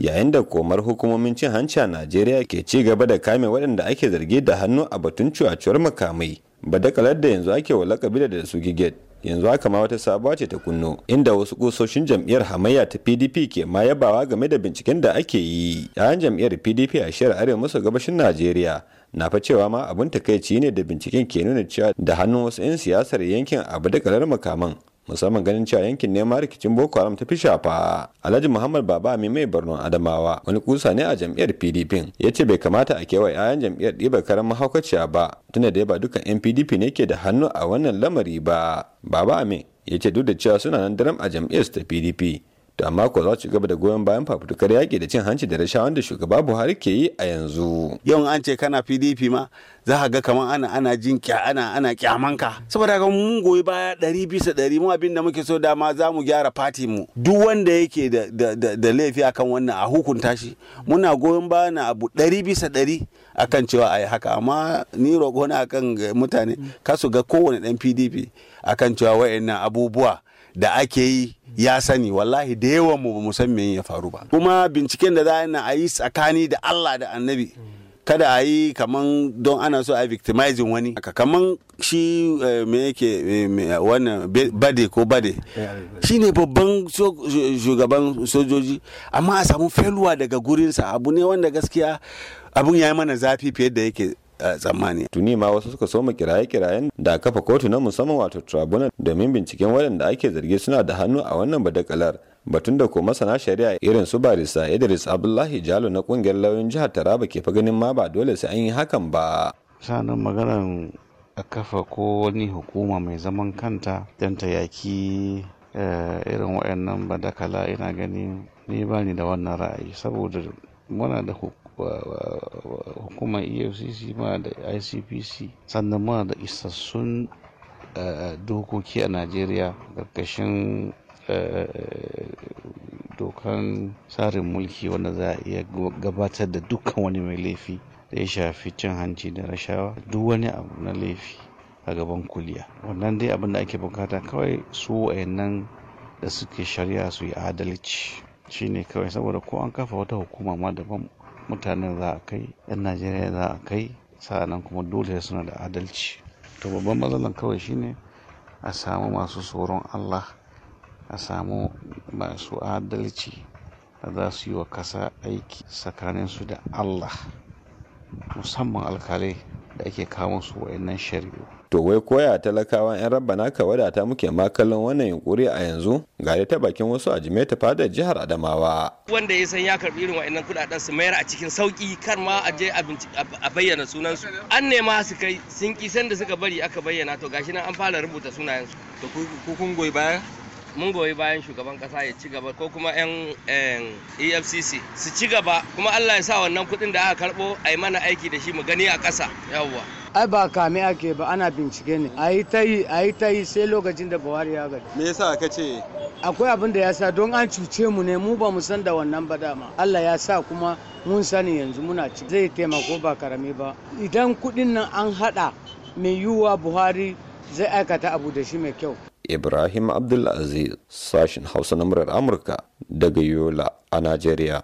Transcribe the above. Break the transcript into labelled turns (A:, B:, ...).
A: yayin da komar hukumomin cin hanci a najeriya ke ci gaba da kame waɗanda ake zargi da hannu a batun cuwacuwar makamai badakalar da yanzu ake wala kabila da su giget yanzu haka ma wata sabuwa ce ta kunno inda wasu kusoshin jam'iyyar hamayya ta pdp ke ma yabawa game da binciken da ake yi yayan jam'iyyar pdp a shiyar arewa maso gabashin najeriya na fa cewa ma abun takaici ne da binciken ke nuna cewa da hannun wasu 'yan siyasar yankin abu da makaman musamman ganin cewa yankin nema rikicin boko haram ta fi shafa alhaji muhammad baba mai mai barnon adamawa wani kusa ne a jam'iyyar pdp ya ce bai kamata a wa 'ya'yan jam'iyyar ɗibar karen mahaukaciya ba tunda da ba dukkan yan pdp ne ke da hannu a wannan lamari ba baba amin ya ce duk da cewa suna nan daram a jam'iyyar ta pdp to amma ko za su gaba da goyon bayan fafutukar yaƙi
B: da cin hanci da rashawan da shugaba buhari ke yi a yanzu yawan an ce kana pdp ma za ka ga kamar ana ana jin ana ana kyamanka saboda haka mun goyi baya ɗari bisa ɗari mu abin da muke so dama za mu gyara fati mu duk wanda yake da, laifi akan wannan a hukunta shi muna goyon baya na abu ɗari bisa ɗari akan cewa a haka amma ni roƙo na akan mutane kasu ga kowane ɗan pdp akan cewa wa'annan abubuwa da ake yi ya sani wallahi da yawan mu ba mu san me ya faru ba kuma binciken da za a yi tsakani da Allah da Annabi kada a yi kaman don ana so a victimizing wani kaman shi eh, me yake eh, wannan bade ko bade shi ne babban shugaban sojoji amma a samu failure daga gurinsa abu ne wanda gaskiya abun ya yi mana zafi fiye da yake eh, tsammani.
A: Tuni ma wasu suka soma kiraye-kirayen da kafa kotu na musamman wato tribunal domin binciken waɗanda ake zargi suna da hannu a wannan badakalar batun da ko masana shari'a irin su barista idris abdullahi jalo na kungiyar lauyoyin jihar taraba ke fa ganin ma ba dole sai an yi hakan ba
C: sanin maganar a kafa ko wani hukuma mai zaman kanta don ta yaki eh, irin waɗannan badakala ina gani ni ba ni da wannan ra'ayi saboda muna da hukumar efcc ma da icpc sannan muna da isassun eh, dokoki a najeriya ƙarƙashin Eh, dokan tsarin mulki wanda za a iya gabatar da dukkan wani mai laifi da ya shafi cin hanci da rashawa duk wani abu na laifi a gaban kuliya wannan dai abin da ake bukata kawai su wayannan da suke shari'a su yi adalci shine kawai saboda ko an kafa wata hukuma ma daban mutanen za a kai yan najeriya za a kai sa'annan kuma dole suna da adalci to babban matsalan kawai shine a samu masu tsoron allah a samu masu adalci da za su yi wa kasa aiki tsakaninsu da allah musamman alkalai da
A: ake kawo su wayannan shari'u to wai koya talakawa 'yan rabba naka wadata muke ma wannan yunkuri a yanzu ga ta bakin wasu a ta fadar jihar adamawa
B: wanda ya san ya karbi irin wa'annan kudaden su mayar a cikin sauki kar ma a je a bayyana sunansu an nema su kai sun kisan da suka bari aka bayyana to gashi nan an fara rubuta sunayensu to ku kun goyi baya mun goyi bayan shugaban kasa ya ci gaba ko kuma yan efcc su ci gaba kuma allah ya sa wannan kuɗin da aka karbo a yi mana aiki da shi mu gani a ƙasa yawwa ai ba kame ake ba ana bincike ne a yi ta yi sai lokacin da buhari ya gari.
A: me yasa ka ce
B: akwai abin da ya sa don an cuce mu ne mu ba mu san da wannan ba dama allah ya sa kuma mun sani yanzu muna ci zai taimako ba karami ba idan kuɗin nan an haɗa mai yiwuwa buhari zai aikata abu da shi mai kyau
A: Ibrahim Abdulaziz sashin Hausa na murar Amurka daga Yola a Najeriya.